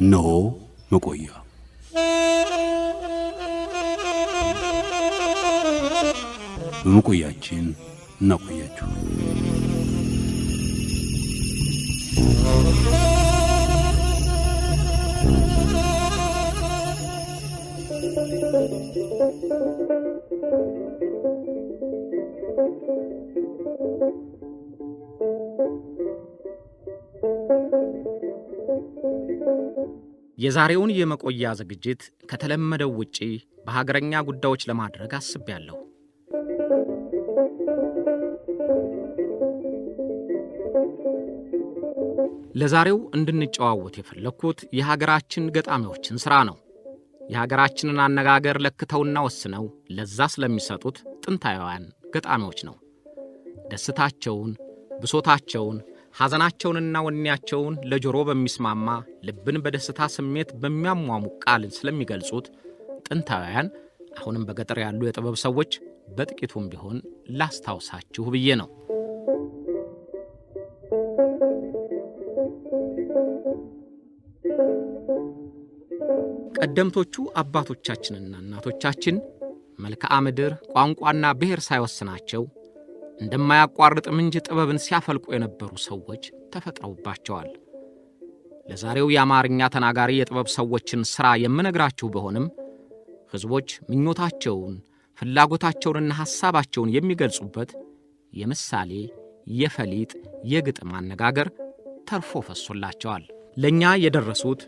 እነሆ መቆያ በመቆያችን እናቆያችሁ። የዛሬውን የመቆያ ዝግጅት ከተለመደው ውጪ በሀገረኛ ጉዳዮች ለማድረግ አስቤያለሁ። ለዛሬው እንድንጨዋወት የፈለግኩት የሀገራችን ገጣሚዎችን ሥራ ነው። የሀገራችንን አነጋገር ለክተውና ወስነው ለዛ ስለሚሰጡት ጥንታውያን ገጣሚዎች ነው። ደስታቸውን፣ ብሶታቸውን ሐዘናቸውንና ወኔያቸውን ለጆሮ በሚስማማ ልብን በደስታ ስሜት በሚያሟሙ ቃል ስለሚገልጹት ጥንታውያን አሁንም በገጠር ያሉ የጥበብ ሰዎች በጥቂቱም ቢሆን ላስታውሳችሁ ብዬ ነው። ቀደምቶቹ አባቶቻችንና እናቶቻችን መልክዓ ምድር፣ ቋንቋና ብሔር ሳይወስናቸው እንደማያቋርጥ ምንጅ ጥበብን ሲያፈልቁ የነበሩ ሰዎች ተፈጥረውባቸዋል። ለዛሬው የአማርኛ ተናጋሪ የጥበብ ሰዎችን ሥራ የምነግራችሁ በሆንም ሕዝቦች ምኞታቸውን፣ ፍላጎታቸውንና ሐሳባቸውን የሚገልጹበት የምሳሌ፣ የፈሊጥ፣ የግጥም አነጋገር ተርፎ ፈሶላቸዋል። ለእኛ የደረሱት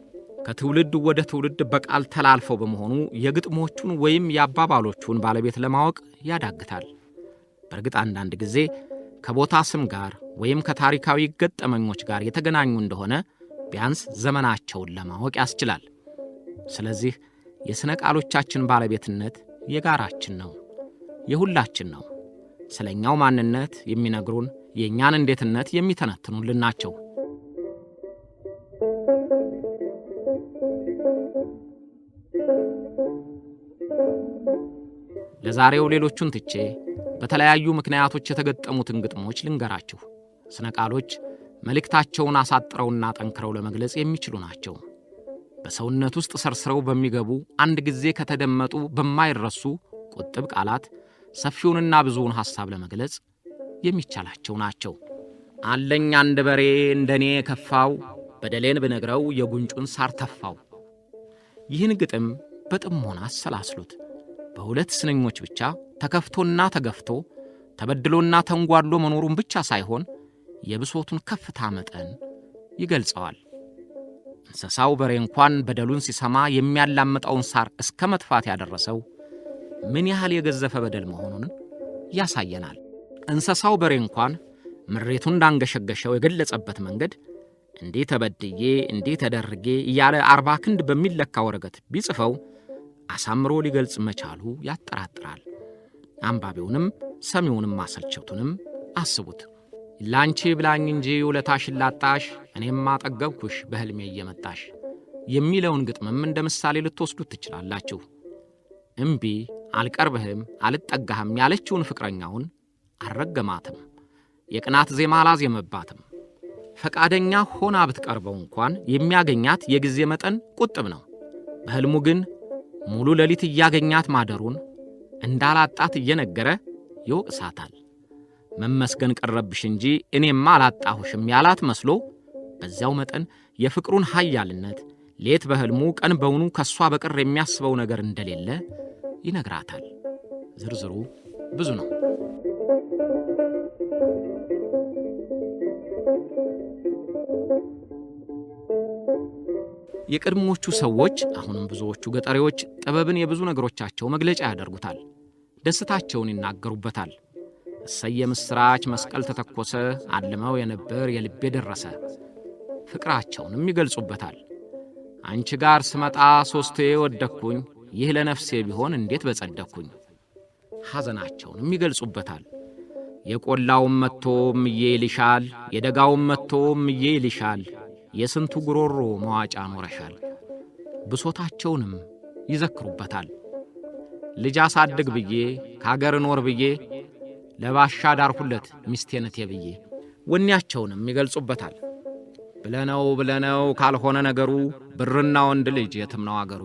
ከትውልድ ወደ ትውልድ በቃል ተላልፈው በመሆኑ የግጥሞቹን ወይም የአባባሎቹን ባለቤት ለማወቅ ያዳግታል። በእርግጥ አንዳንድ ጊዜ ከቦታ ስም ጋር ወይም ከታሪካዊ ገጠመኞች ጋር የተገናኙ እንደሆነ ቢያንስ ዘመናቸውን ለማወቅ ያስችላል። ስለዚህ የሥነ ቃሎቻችን ባለቤትነት የጋራችን ነው፣ የሁላችን ነው። ስለ እኛው ማንነት የሚነግሩን የእኛን እንዴትነት የሚተነትኑልን ናቸው። ለዛሬው ሌሎቹን ትቼ በተለያዩ ምክንያቶች የተገጠሙትን ግጥሞች ልንገራችሁ። ስነቃሎች ቃሎች መልእክታቸውን አሳጥረውና ጠንክረው ለመግለጽ የሚችሉ ናቸው። በሰውነት ውስጥ ሰርስረው በሚገቡ አንድ ጊዜ ከተደመጡ በማይረሱ ቁጥብ ቃላት ሰፊውንና ብዙውን ሐሳብ ለመግለጽ የሚቻላቸው ናቸው። አለኝ አንድ በሬ እንደ እኔ የከፋው በደሌን ብነግረው የጉንጩን ሳር ተፋው። ይህን ግጥም በጥሞና አሰላስሉት። በሁለት ስንኞች ብቻ ተከፍቶና ተገፍቶ ተበድሎና ተንጓሎ መኖሩን ብቻ ሳይሆን የብሶቱን ከፍታ መጠን ይገልጸዋል። እንስሳው በሬ እንኳን በደሉን ሲሰማ የሚያላምጠውን ሳር እስከ መጥፋት ያደረሰው ምን ያህል የገዘፈ በደል መሆኑን ያሳየናል። እንስሳው በሬ እንኳን ምሬቱን እንዳንገሸገሸው የገለጸበት መንገድ እንዴ ተበድዬ እንዴ ተደርጌ እያለ አርባ ክንድ በሚለካ ወረቀት ቢጽፈው አሳምሮ ሊገልጽ መቻሉ ያጠራጥራል። አንባቢውንም ሰሚውንም ማሰልቸቱንም አስቡት። ላንቺ ብላኝ እንጂ ውለታሽን ላጣሽ እኔም አጠገብኩሽ በሕልሜ እየመጣሽ የሚለውን ግጥምም እንደ ምሳሌ ልትወስዱት ትችላላችሁ። እምቢ አልቀርብህም፣ አልጠጋህም ያለችውን ፍቅረኛውን አልረገማትም። የቅናት ዜማ አላዜመባትም። ፈቃደኛ ሆና ብትቀርበው እንኳን የሚያገኛት የጊዜ መጠን ቁጥብ ነው። በሕልሙ ግን ሙሉ ሌሊት እያገኛት ማደሩን እንዳላጣት እየነገረ ይወቅሳታል። መመስገን ቀረብሽ እንጂ እኔማ አላጣሁሽም ያላት መስሎ በዚያው መጠን የፍቅሩን ኃያልነት ሌት በሕልሙ ቀን በውኑ ከእሷ በቀር የሚያስበው ነገር እንደሌለ ይነግራታል። ዝርዝሩ ብዙ ነው። የቀድሞዎቹ ሰዎች አሁንም ብዙዎቹ ገጠሬዎች ጥበብን የብዙ ነገሮቻቸው መግለጫ ያደርጉታል፣ ደስታቸውን ይናገሩበታል። እሰይ የምሥራች መስቀል ተተኮሰ፣ አልመው የነበር የልቤ ደረሰ፣ ፍቅራቸውንም ይገልጹበታል። አንቺ ጋር ስመጣ ሦስቴ ወደኩኝ! ይህ ለነፍሴ ቢሆን እንዴት በጸደቅኩኝ። ሐዘናቸውንም ይገልጹበታል። የቈላውም መጥቶ ምዬ ይልሻል፣ የደጋውም መጥቶ ምዬ ይልሻል የስንቱ ጉሮሮ መዋጫ ኖረሻል። ብሶታቸውንም ይዘክሩበታል። ልጅ አሳድግ ብዬ ከአገር እኖር ብዬ ለባሻ ዳርሁለት ሚስቴነቴ ብዬ ወኔያቸውንም ይገልጹበታል። ብለነው ብለነው ካልሆነ ነገሩ ብርና ወንድ ልጅ የትም ነው አገሩ።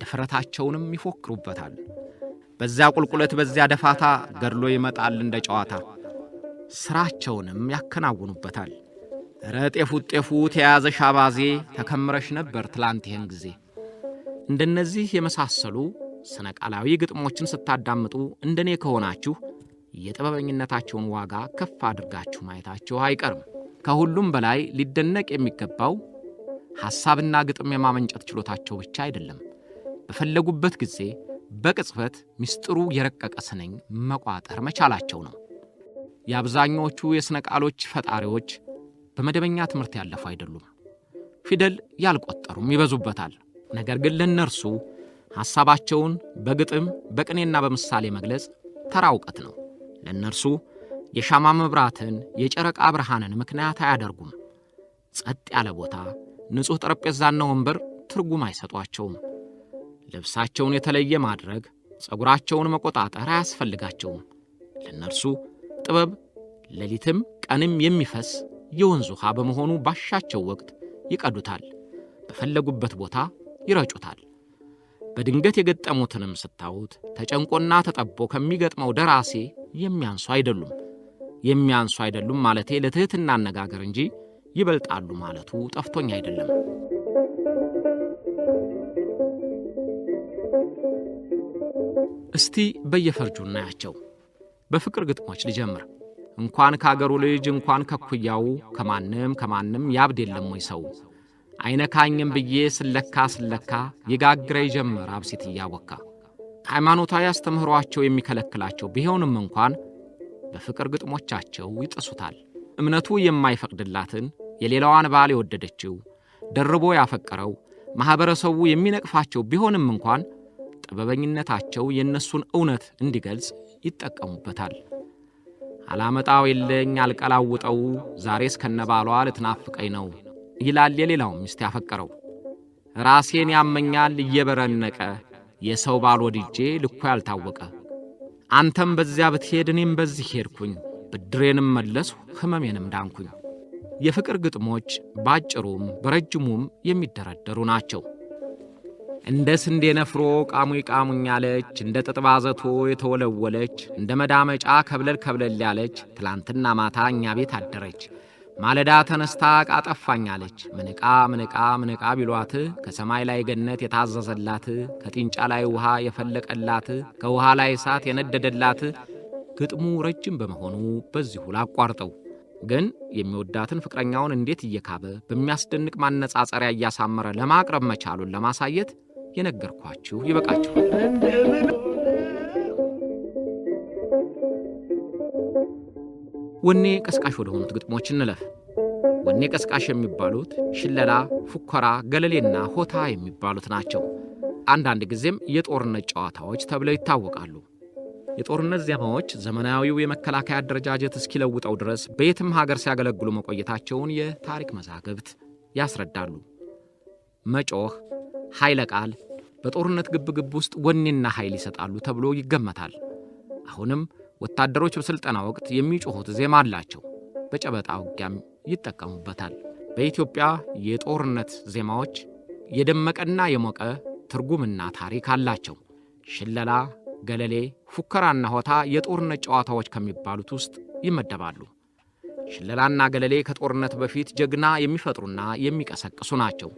ድፍረታቸውንም ይፎክሩበታል። በዚያ ቁልቁለት በዚያ ደፋታ ገድሎ ይመጣል እንደ ጨዋታ። ሥራቸውንም ያከናውኑበታል። ረጤፉ ጤፉ ጤፉ ተያዘሽ አባዜ ተከምረሽ ነበር ትላንት ይህን ጊዜ። እንደነዚህ የመሳሰሉ ስነ ቃላዊ ግጥሞችን ስታዳምጡ እንደኔ ከሆናችሁ የጥበበኝነታቸውን ዋጋ ከፍ አድርጋችሁ ማየታችሁ አይቀርም። ከሁሉም በላይ ሊደነቅ የሚገባው ሐሳብና ግጥም የማመንጨት ችሎታቸው ብቻ አይደለም። በፈለጉበት ጊዜ በቅጽበት ምስጢሩ የረቀቀ ስንኝ መቋጠር መቻላቸው ነው። የአብዛኞቹ የሥነ ቃሎች ፈጣሪዎች በመደበኛ ትምህርት ያለፉ አይደሉም። ፊደል ያልቆጠሩም ይበዙበታል። ነገር ግን ለእነርሱ ሐሳባቸውን በግጥም በቅኔና በምሳሌ መግለጽ ተራ እውቀት ነው። ለእነርሱ የሻማ መብራትን የጨረቃ ብርሃንን ምክንያት አያደርጉም። ጸጥ ያለ ቦታ፣ ንጹሕ ጠረጴዛና ወንበር ትርጉም አይሰጧቸውም። ልብሳቸውን የተለየ ማድረግ፣ ጸጉራቸውን መቆጣጠር አያስፈልጋቸውም። ለእነርሱ ጥበብ ሌሊትም ቀንም የሚፈስ የወንዝ ውሃ በመሆኑ ባሻቸው ወቅት ይቀዱታል፣ በፈለጉበት ቦታ ይረጩታል። በድንገት የገጠሙትንም ስታዩት ተጨንቆና ተጠቦ ከሚገጥመው ደራሴ የሚያንሱ አይደሉም። የሚያንሱ አይደሉም ማለቴ ለትሕትና አነጋገር እንጂ ይበልጣሉ ማለቱ ጠፍቶኝ አይደለም። እስቲ በየፈርጁ እናያቸው። በፍቅር ግጥሞች ልጀምር። እንኳን ከአገሩ ልጅ እንኳን ከኩያው ከማንም ከማንም ያብድ የለም ወይ ሰው አይነካኝም ብዬ ስለካ ስለካ ይጋግረኝ ጀመር አብሲት እያወካ ሃይማኖታዊ አስተምህሯቸው የሚከለክላቸው ቢሆንም እንኳን በፍቅር ግጥሞቻቸው ይጥሱታል። እምነቱ የማይፈቅድላትን የሌላዋን ባል የወደደችው ደርቦ ያፈቀረው ማኅበረሰቡ የሚነቅፋቸው ቢሆንም እንኳን ጥበበኝነታቸው የእነሱን እውነት እንዲገልጽ ይጠቀሙበታል። አላመጣው የለኝ አልቀላውጠው ዛሬስ ከነባሏ ልትናፍቀኝ ነው ይላል የሌላው ሚስት ያፈቀረው። ራሴን ያመኛል እየበረነቀ የሰው ባል ወድጄ ልኮ ያልታወቀ አንተም በዚያ ብትሄድ እኔም በዚህ ሄድኩኝ ብድሬንም መለስሁ ሕመሜንም ዳንኩኝ። የፍቅር ግጥሞች ባጭሩም በረጅሙም የሚደረደሩ ናቸው። እንደ ስንዴ ነፍሮ ቃሙኝ ቃሙኝ ያለች፣ እንደ ጥጥባዘቶ የተወለወለች፣ እንደ መዳመጫ ከብለል ከብለል ያለች፣ ትላንትና ማታ እኛ ቤት አደረች። ማለዳ ተነስታ ዕቃ ጠፋኛለች። ምንቃ ምንቃ ምንቃ ቢሏት ከሰማይ ላይ ገነት የታዘዘላት፣ ከጢንጫ ላይ ውሃ የፈለቀላት፣ ከውሃ ላይ እሳት የነደደላት። ግጥሙ ረጅም በመሆኑ በዚሁ ላቋርጠው። ግን የሚወዳትን ፍቅረኛውን እንዴት እየካበ በሚያስደንቅ ማነጻጸሪያ እያሳመረ ለማቅረብ መቻሉን ለማሳየት የነገርኳችሁ ይበቃችኋል። ወኔ ቀስቃሽ ወደ ሆኑት ግጥሞች እንለፍ። ወኔ ቀስቃሽ የሚባሉት ሽለላ፣ ፉከራ፣ ገለሌና ሆታ የሚባሉት ናቸው። አንዳንድ ጊዜም የጦርነት ጨዋታዎች ተብለው ይታወቃሉ። የጦርነት ዜማዎች ዘመናዊው የመከላከያ አደረጃጀት እስኪለውጠው ድረስ በየትም ሀገር ሲያገለግሉ መቆየታቸውን የታሪክ መዛግብት ያስረዳሉ። መጮህ፣ ኃይለ ቃል፣ በጦርነት ግብግብ ውስጥ ወኔና ኃይል ይሰጣሉ ተብሎ ይገመታል። አሁንም ወታደሮች በሥልጠና ወቅት የሚጮኹት ዜማ አላቸው። በጨበጣ ውጊያም ይጠቀሙበታል። በኢትዮጵያ የጦርነት ዜማዎች የደመቀና የሞቀ ትርጉምና ታሪክ አላቸው። ሽለላ፣ ገለሌ፣ ፉከራና ሆታ የጦርነት ጨዋታዎች ከሚባሉት ውስጥ ይመደባሉ። ሽለላና ገለሌ ከጦርነት በፊት ጀግና የሚፈጥሩና የሚቀሰቅሱ ናቸው።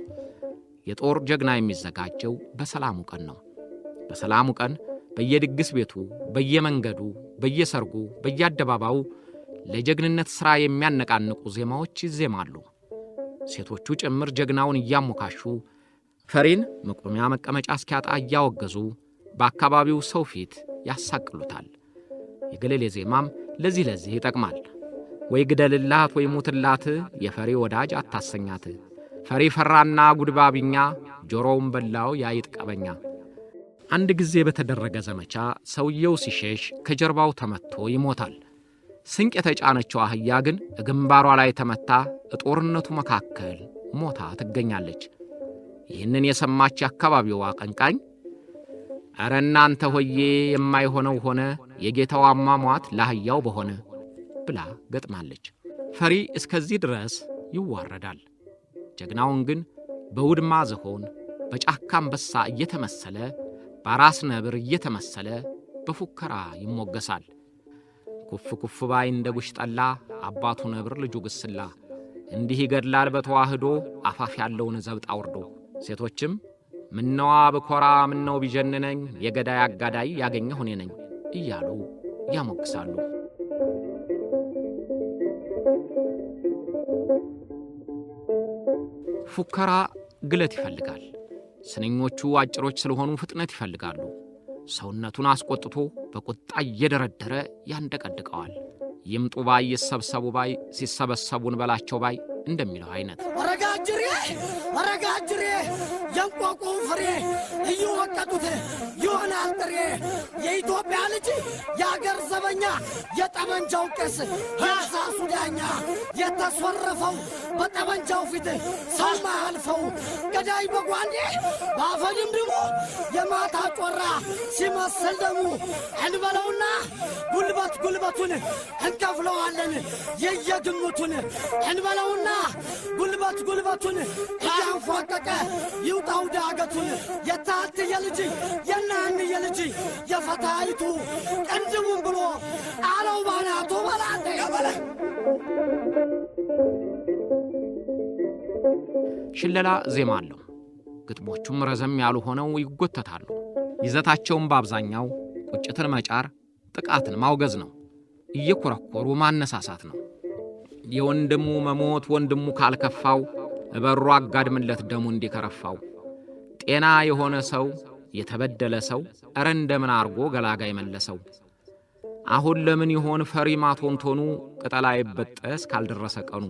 የጦር ጀግና የሚዘጋጀው በሰላሙ ቀን ነው። በሰላሙ ቀን በየድግስ ቤቱ፣ በየመንገዱ፣ በየሰርጉ፣ በየአደባባዩ ለጀግንነት ሥራ የሚያነቃንቁ ዜማዎች ይዜማሉ። ሴቶቹ ጭምር ጀግናውን እያሞካሹ ፈሪን መቆሚያ መቀመጫ እስኪያጣ እያወገዙ በአካባቢው ሰው ፊት ያሳቅሉታል። የገለሌ ዜማም ለዚህ ለዚህ ይጠቅማል። ወይ ግደልላት ወይ ሙትላት የፈሪ ወዳጅ አታሰኛት ፈሪ ፈራና ጉድባብኛ ጆሮውን በላው ያይጥ ቀበኛ። አንድ ጊዜ በተደረገ ዘመቻ ሰውየው ሲሸሽ ከጀርባው ተመትቶ ይሞታል። ስንቅ የተጫነችው አህያ ግን ግንባሯ ላይ ተመታ እጦርነቱ መካከል ሞታ ትገኛለች። ይህንን የሰማች የአካባቢው አቀንቃኝ እረ እናንተ ሆዬ የማይሆነው ሆነ የጌታው አሟሟት ለአህያው በሆነ ብላ ገጥማለች። ፈሪ እስከዚህ ድረስ ይዋረዳል። ጀግናውን ግን በውድማ ዝሆን፣ በጫካ አንበሳ እየተመሰለ በራስ ነብር እየተመሰለ በፉከራ ይሞገሳል። ኩፍ ኩፍ ባይ እንደ ጉሽ ጠላ አባቱ ነብር ልጁ ግስላ እንዲህ ይገድላል በተዋህዶ አፋፍ ያለውን ዘብጥ አውርዶ። ሴቶችም ምነዋ ብኮራ ምነው ቢጀንነኝ የገዳይ አጋዳይ ያገኘ ሁኔነኝ ነኝ እያሉ ያሞግሳሉ። ፉከራ ግለት ይፈልጋል። ስንኞቹ አጭሮች ስለሆኑ ፍጥነት ይፈልጋሉ። ሰውነቱን አስቆጥቶ በቁጣ እየደረደረ ያንደቀድቀዋል። ይምጡ ባይ ይሰብሰቡ ባይ ሲሰበሰቡን በላቸው ባይ እንደሚለው አይነት የእንቋቁሁ ፍሬ እየወቀጡት ይሆናል ጥሬ የኢትዮጵያ ልጅ የአገር ዘበኛ የጠመንጃው ቄስ የእርሳሱ ዳኛ የተስወረፈው በጠመንጃው ፊት ሰው ማያልፈው ገዳይ በጓንዴ በአፈድም ድሞ የማታ ጮራ ሲመስል ደሙ እንበለውና ጉልበት ጉልበቱን እንከፍለዋለን የየግምቱን እንበለውና ጉልበት ጉልበቱን እያንፏቀቀ ይውጣ አውዳ አገቱን የታትየ ልጅ የናን ልጅ የፈታይቱ ቅንድቡን ብሎ አለው በላት በላቴ ሽለላ ዜማ አለው። ግጥሞቹም ረዘም ያሉ ሆነው ይጎተታሉ። ይዘታቸውም በአብዛኛው ቁጭትን መጫር፣ ጥቃትን ማውገዝ ነው። እየኮረኮሩ ማነሳሳት ነው። የወንድሙ መሞት ወንድሙ ካልከፋው እበሩ አጋድምለት ደሙ እንዲከረፋው ጤና የሆነ ሰው የተበደለ ሰው እረ እንደምን አርጎ ገላጋይ መለሰው። አሁን ለምን ይሆን ፈሪ ማቶንቶኑ ቅጠላ ይበጠስ ካልደረሰ ቀኑ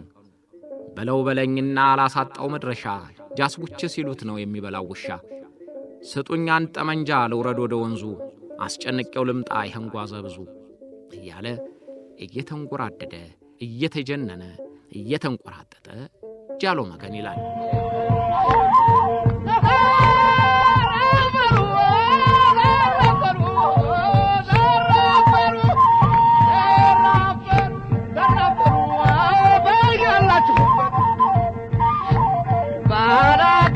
በለው በለኝና አላሳጣው መድረሻ ጃስቡች ሲሉት ነው የሚበላው ውሻ። ስጡኝ አንድ ጠመንጃ ልውረድ ወደ ወንዙ አስጨንቄው ልምጣ ይህንጓዘ ብዙ እያለ እየተንጎራደደ እየተጀነነ እየተንቆራጠጠ ጃሎ መገን ይላል።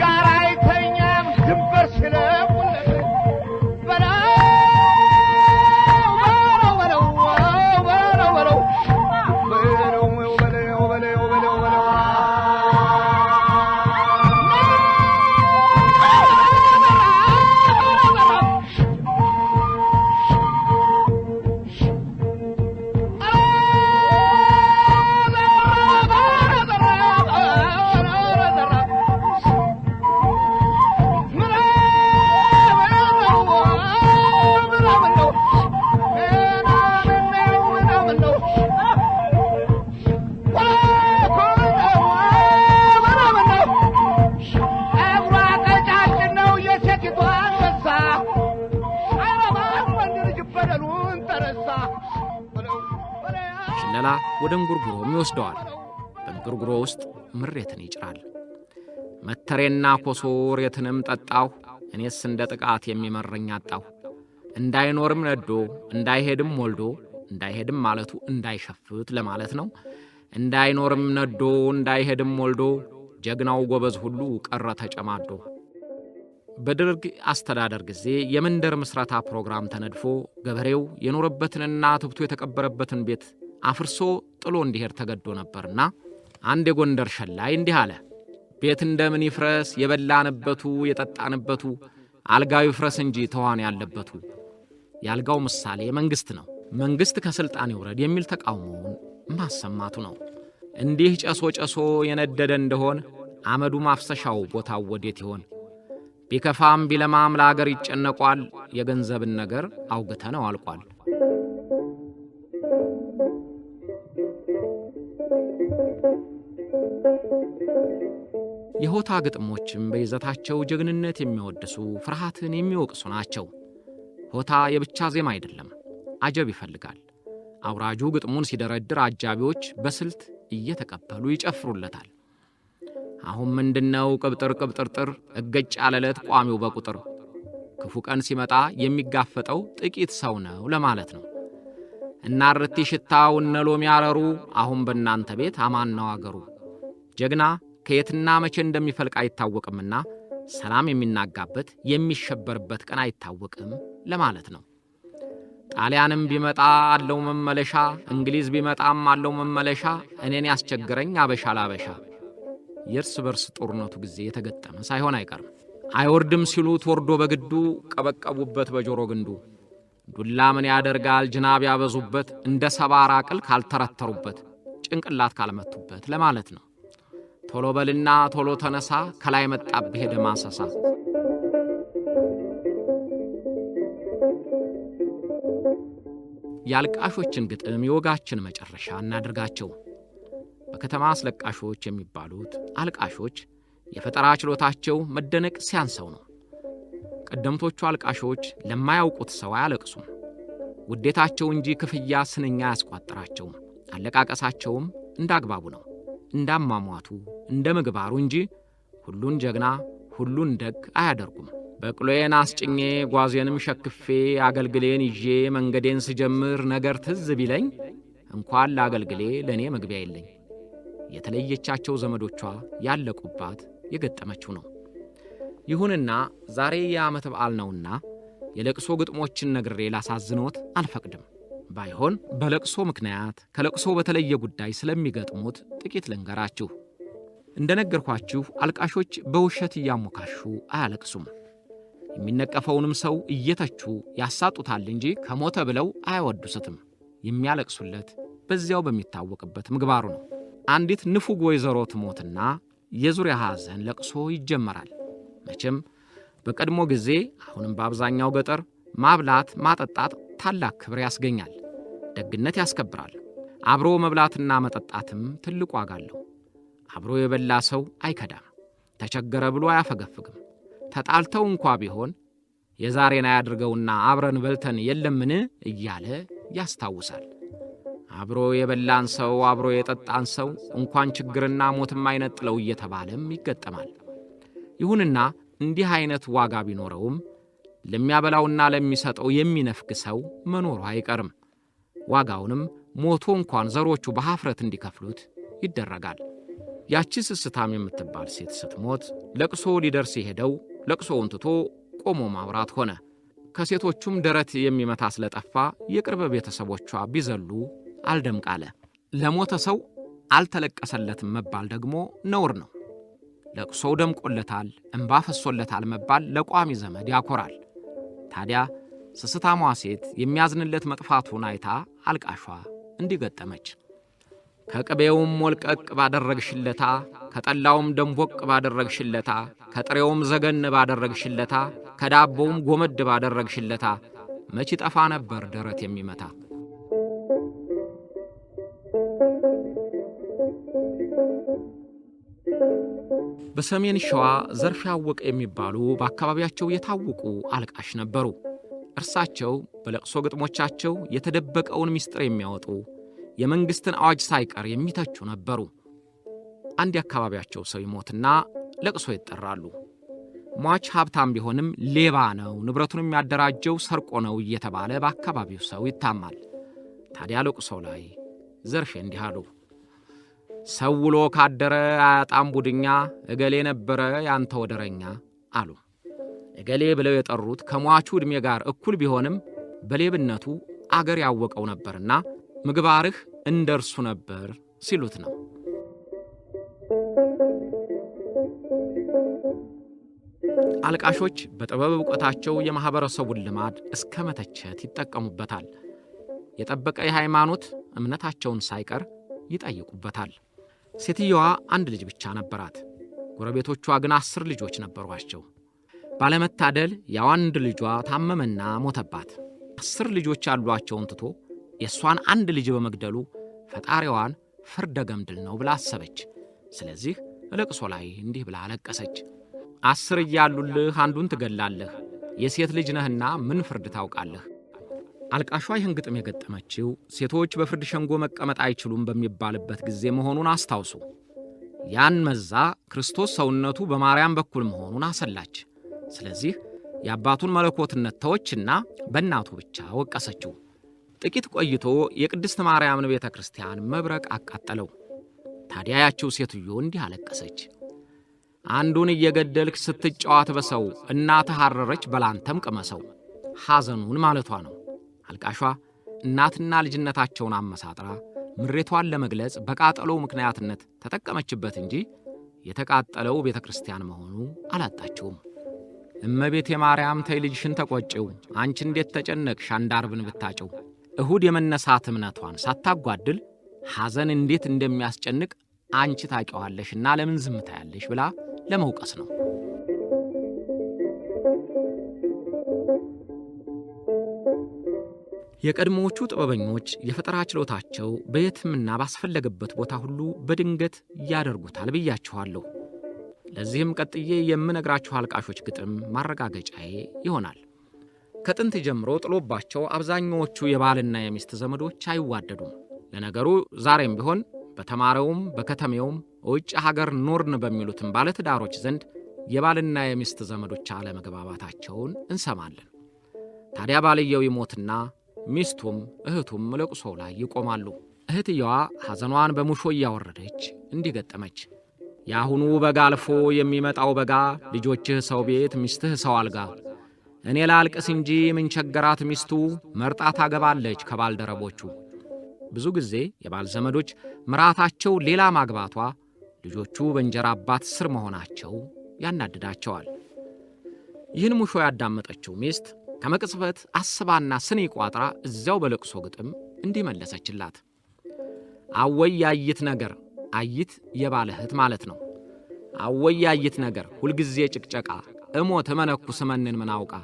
got ሲያደላ ወደ እንጉርጉሮም ይወስደዋል። በእንጉርጉሮ ውስጥ ምሬትን ይጭራል። መተሬና ኮሶ ሬትንም ጠጣሁ፣ እኔስ እንደ ጥቃት የሚመረኝ አጣሁ። እንዳይኖርም ነዶ እንዳይሄድም ወልዶ እንዳይሄድም ማለቱ እንዳይሸፍት ለማለት ነው። እንዳይኖርም ነዶ እንዳይሄድም ወልዶ ጀግናው ጎበዝ ሁሉ ቀረ ተጨማዶ። በደርግ አስተዳደር ጊዜ የመንደር ምስረታ ፕሮግራም ተነድፎ ገበሬው የኖረበትንና ትብቶ የተቀበረበትን ቤት አፍርሶ ጥሎ እንዲሄድ ተገዶ ነበርና አንድ የጎንደር ሸላይ እንዲህ አለ። ቤት እንደምን ይፍረስ የበላንበቱ የጠጣንበቱ፣ አልጋው ይፍረስ እንጂ ተዋን ያለበቱ። የአልጋው ምሳሌ መንግሥት ነው። መንግሥት ከሥልጣን ይውረድ የሚል ተቃውሞውን ማሰማቱ ነው። እንዲህ ጨሶ ጨሶ የነደደ እንደሆን አመዱ ማፍሰሻው ቦታው ወዴት ይሆን? ቢከፋም ቢለማም ለአገር ይጨነቋል። የገንዘብን ነገር ነው አልቋል። የሆታ ግጥሞችም በይዘታቸው ጀግንነት የሚወድሱ ፍርሃትን የሚወቅሱ ናቸው። ሆታ የብቻ ዜማ አይደለም፣ አጀብ ይፈልጋል። አውራጁ ግጥሙን ሲደረድር አጃቢዎች በስልት እየተቀበሉ ይጨፍሩለታል። አሁን ምንድነው? ቅብጥር ቅብጥርጥር እገጭ ያለለት ቋሚው በቁጥር ክፉ ቀን ሲመጣ የሚጋፈጠው ጥቂት ሰው ነው ለማለት ነው። እናርቲ ሽታው እነሎሚ ያረሩ አሁን በእናንተ ቤት አማን ነው አገሩ ጀግና ከየትና መቼ እንደሚፈልቅ አይታወቅምና ሰላም የሚናጋበት የሚሸበርበት ቀን አይታወቅም ለማለት ነው። ጣሊያንም ቢመጣ አለው መመለሻ፣ እንግሊዝ ቢመጣም አለው መመለሻ። እኔን ያስቸግረኝ አበሻ ላበሻ የእርስ በርስ ጦርነቱ ጊዜ የተገጠመ ሳይሆን አይቀርም። አይወርድም ሲሉት ወርዶ በግዱ ቀበቀቡበት በጆሮ ግንዱ። ዱላ ምን ያደርጋል ጅናብ ያበዙበት፣ እንደ ሰባራ ቅል ካልተረተሩበት፣ ጭንቅላት ካልመቱበት ለማለት ነው። ቶሎ በልና ቶሎ ተነሳ፣ ከላይ መጣብህ ደማሰሳ። የአልቃሾችን ግጥም የወጋችን መጨረሻ እናድርጋቸው። በከተማ አስለቃሾች የሚባሉት አልቃሾች የፈጠራ ችሎታቸው መደነቅ ሲያንሰው ነው። ቀደምቶቹ አልቃሾች ለማያውቁት ሰው አያለቅሱም። ውዴታቸው እንጂ ክፍያ ስንኛ አያስቋጥራቸውም። አለቃቀሳቸውም እንደ አግባቡ ነው። እንዳሟሟቱ እንደ ምግባሩ እንጂ ሁሉን ጀግና ሁሉን ደግ አያደርጉም። በቅሎዬን አስጭኜ ጓዜንም ሸክፌ አገልግሌን ይዤ መንገዴን ስጀምር ነገር ትዝ ቢለኝ እንኳን ለአገልግሌ ለእኔ መግቢያ የለኝ። የተለየቻቸው ዘመዶቿ ያለቁባት የገጠመችው ነው። ይሁንና ዛሬ የዓመት በዓል ነውና የለቅሶ ግጥሞችን ነግሬ ላሳዝኖት አልፈቅድም። ባይሆን በለቅሶ ምክንያት ከለቅሶ በተለየ ጉዳይ ስለሚገጥሙት ጥቂት ልንገራችሁ። እንደነገርኳችሁ አልቃሾች በውሸት እያሞካሹ አያለቅሱም። የሚነቀፈውንም ሰው እየተቹ ያሳጡታል እንጂ ከሞተ ብለው አይወዱስትም የሚያለቅሱለት በዚያው በሚታወቅበት ምግባሩ ነው። አንዲት ንፉግ ወይዘሮ ትሞትና የዙሪያ ሐዘን ለቅሶ ይጀመራል። መቼም በቀድሞ ጊዜ አሁንም በአብዛኛው ገጠር ማብላት ማጠጣት ታላቅ ክብር ያስገኛል። ደግነት ያስከብራል። አብሮ መብላትና መጠጣትም ትልቅ ዋጋ አለው። አብሮ የበላ ሰው አይከዳም፣ ተቸገረ ብሎ አያፈገፍግም። ተጣልተው እንኳ ቢሆን የዛሬን አያድርገውና አብረን በልተን የለምን እያለ ያስታውሳል። አብሮ የበላን ሰው አብሮ የጠጣን ሰው እንኳን ችግርና ሞትም አይነጥለው እየተባለም ይገጠማል። ይሁንና እንዲህ አይነት ዋጋ ቢኖረውም ለሚያበላውና ለሚሰጠው የሚነፍግ ሰው መኖሩ አይቀርም። ዋጋውንም ሞቶ እንኳን ዘሮቹ በሐፍረት እንዲከፍሉት ይደረጋል። ያቺ ስስታም የምትባል ሴት ስትሞት ለቅሶ ሊደርስ የሄደው ለቅሶውን ትቶ ቆሞ ማውራት ሆነ። ከሴቶቹም ደረት የሚመታ ስለጠፋ የቅርብ ቤተሰቦቿ ቢዘሉ አልደምቃለ። ለሞተ ሰው አልተለቀሰለትም መባል ደግሞ ነውር ነው። ለቅሶው ደምቆለታል፣ እምባ ፈሶለታል መባል ለቋሚ ዘመድ ያኮራል። ታዲያ ስስታሟ ሴት የሚያዝንለት መጥፋቱን አይታ አልቃሿ እንዲገጠመች ከቅቤውም ሞልቀቅ ባደረግሽለታ፣ ከጠላውም ደንቦቅ ባደረግሽለታ፣ ከጥሬውም ዘገን ባደረግሽለታ፣ ከዳቦውም ጎመድ ባደረግሽለታ መች ጠፋ ነበር ደረት የሚመታ። በሰሜን ሸዋ ዘርፍ ያወቀ የሚባሉ በአካባቢያቸው የታወቁ አልቃሽ ነበሩ። እርሳቸው በለቅሶ ግጥሞቻቸው የተደበቀውን ምስጢር የሚያወጡ የመንግሥትን አዋጅ ሳይቀር የሚተቹ ነበሩ። አንድ የአካባቢያቸው ሰው ይሞትና ለቅሶ ይጠራሉ። ሟች ሀብታም ቢሆንም ሌባ ነው፣ ንብረቱን የሚያደራጀው ሰርቆ ነው እየተባለ በአካባቢው ሰው ይታማል። ታዲያ ለቅሶ ላይ ዘርፌ እንዲህ አሉ። ሰው ውሎ ካደረ አያጣም ቡድኛ፣ እገሌ ነበረ ያንተ ወደረኛ አሉ። እገሌ ብለው የጠሩት ከሟቹ ዕድሜ ጋር እኩል ቢሆንም በሌብነቱ አገር ያወቀው ነበርና ምግባርህ እንደ እርሱ ነበር ሲሉት ነው። አልቃሾች በጥበብ ዕውቀታቸው የማኅበረሰቡን ልማድ እስከ መተቸት ይጠቀሙበታል። የጠበቀ የሃይማኖት እምነታቸውን ሳይቀር ይጠይቁበታል። ሴትየዋ አንድ ልጅ ብቻ ነበራት። ጎረቤቶቿ ግን አስር ልጆች ነበሯቸው። ባለመታደል ያው ልጇ ታመመና ሞተባት። አስር ልጆች ያሏቸውን ትቶ የእሷን አንድ ልጅ በመግደሉ ፈጣሪዋን ፍርደ ገምድል ነው ብላ አሰበች። ስለዚህ ለቅሶ ላይ እንዲህ ብላ አለቀሰች። አስር እያሉልህ አንዱን ትገላለህ፣ የሴት ልጅ ነህና ምን ፍርድ ታውቃለህ? አልቃሿ ይህን ግጥም የገጠመችው ሴቶች በፍርድ ሸንጎ መቀመጥ አይችሉም በሚባልበት ጊዜ መሆኑን አስታውሱ። ያን መዛ ክርስቶስ ሰውነቱ በማርያም በኩል መሆኑን አሰላች። ስለዚህ የአባቱን መለኮትነት ተወችና በእናቱ ብቻ ወቀሰችው። ጥቂት ቆይቶ የቅድስት ማርያምን ቤተ ክርስቲያን መብረቅ አቃጠለው። ታዲያ ያችው ሴትዮ እንዲህ አለቀሰች። አንዱን እየገደልክ ስትጫዋት በሰው እናትህ አረረች፣ በላንተም ቅመሰው። ሐዘኑን ማለቷ ነው። አልቃሿ እናትና ልጅነታቸውን አመሳጥራ ምሬቷን ለመግለጽ በቃጠሎው ምክንያትነት ተጠቀመችበት እንጂ የተቃጠለው ቤተ ክርስቲያን መሆኑ አላጣችውም። እመቤቴ ማርያም ተይ ልጅሽን ተቆጭው፣ አንቺ እንዴት ተጨነቅሽ? አንድ አርብን ብታጭው እሁድ የመነሳት እምነቷን ሳታጓድል ሐዘን እንዴት እንደሚያስጨንቅ አንቺ ታቂዋለሽና ለምን ዝምታ ያለሽ ብላ ለመውቀስ ነው። የቀድሞዎቹ ጥበበኞች የፈጠራ ችሎታቸው በየትምና ባስፈለገበት ቦታ ሁሉ በድንገት ያደርጉታል ብያችኋለሁ። ለዚህም ቀጥዬ የምነግራችሁ አልቃሾች ግጥም ማረጋገጫዬ ይሆናል። ከጥንት ጀምሮ ጥሎባቸው አብዛኛዎቹ የባልና የሚስት ዘመዶች አይዋደዱም። ለነገሩ ዛሬም ቢሆን በተማረውም በከተሜውም ውጭ ሀገር ኖርን በሚሉትም ባለትዳሮች ዘንድ የባልና የሚስት ዘመዶች አለመግባባታቸውን እንሰማለን። ታዲያ ባልየው ይሞትና ሚስቱም እህቱም ልቅሶ ላይ ይቆማሉ። እህትየዋ ሐዘኗን በሙሾ እያወረደች እንዲህ ገጠመች። የአሁኑ በጋ አልፎ የሚመጣው በጋ ልጆችህ ሰው ቤት ሚስትህ ሰው አልጋ። እኔ ላልቅስ እንጂ ምንቸገራት ሚስቱ መርጣ ታገባለች ከባልደረቦቹ። ብዙ ጊዜ የባል ዘመዶች ምራታቸው ሌላ ማግባቷ፣ ልጆቹ በእንጀራ አባት ስር መሆናቸው ያናድዳቸዋል። ይህን ሙሾ ያዳመጠችው ሚስት ከመቅጽበት አስባና ስኒ ቋጥራ እዚያው በለቅሶ ግጥም እንዲህ መለሰችላት። አወይ ያይት ነገር አይት የባለ እህት ማለት ነው። አወይ አይት ነገር ሁልጊዜ ጭቅጨቃ እሞት ተመነኩ ስመንን ምናውቃ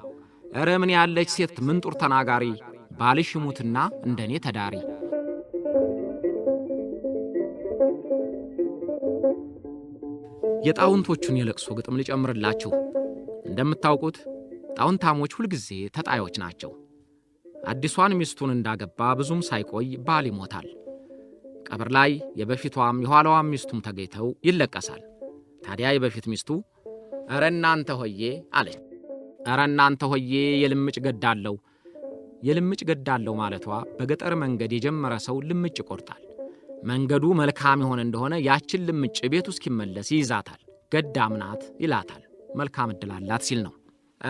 እረ ምን ያለች ሴት ምንጡር ተናጋሪ ባልሽ ሙትና እንደኔ ተዳሪ የጣውንቶቹን የለቅሶ ግጥም ልጨምርላችሁ። እንደምታውቁት ጣውንታሞች ሁልጊዜ ተጣዮች ናቸው። አዲሷን ሚስቱን እንዳገባ ብዙም ሳይቆይ ባል ይሞታል። ቀብር ላይ የበፊቷም የኋላዋም ሚስቱም ተገኝተው ይለቀሳል። ታዲያ የበፊት ሚስቱ እረ እናንተ ሆዬ አለች። እረ እናንተ ሆዬ የልምጭ ገዳለው የልምጭ ገዳለው ማለቷ በገጠር መንገድ የጀመረ ሰው ልምጭ ይቆርጣል። መንገዱ መልካም የሆነ እንደሆነ ያችን ልምጭ ቤቱ እስኪመለስ ይይዛታል። ገዳም ናት ይላታል። መልካም እድል አላት ሲል ነው።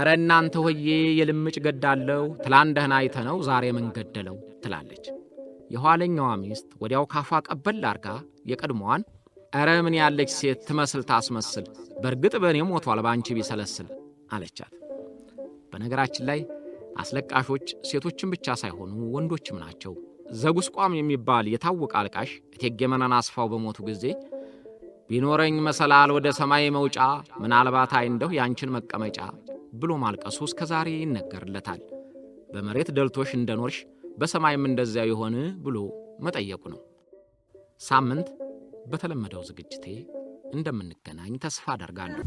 እረ እናንተ ሆዬ የልምጭ ገዳለው ትላንት ደህና አይተነው ዛሬ ምን ገደለው ትላለች። የኋለኛዋ ሚስት ወዲያው ካፏ ቀበል አርጋ የቀድሞዋን እረ ምን ያለች ሴት ትመስል ታስመስል፣ በእርግጥ በእኔ ሞቷል በአንቺ ቢሰለስል አለቻት። በነገራችን ላይ አስለቃሾች ሴቶችን ብቻ ሳይሆኑ ወንዶችም ናቸው። ዘጉስቋም የሚባል የታወቀ አልቃሽ እቴጌ መነን አስፋው በሞቱ ጊዜ ቢኖረኝ መሰላል ወደ ሰማይ መውጫ፣ ምናልባት አይ ያንቺን መቀመጫ ብሎ ማልቀሱ እስከ ዛሬ ይነገርለታል። በመሬት ደልቶሽ እንደኖርሽ በሰማይም እንደዚያው ይሆን ብሎ መጠየቁ ነው። ሳምንት በተለመደው ዝግጅቴ እንደምንገናኝ ተስፋ አደርጋለሁ።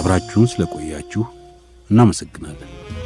አብራችሁን ስለቆያችሁ እናመሰግናለን።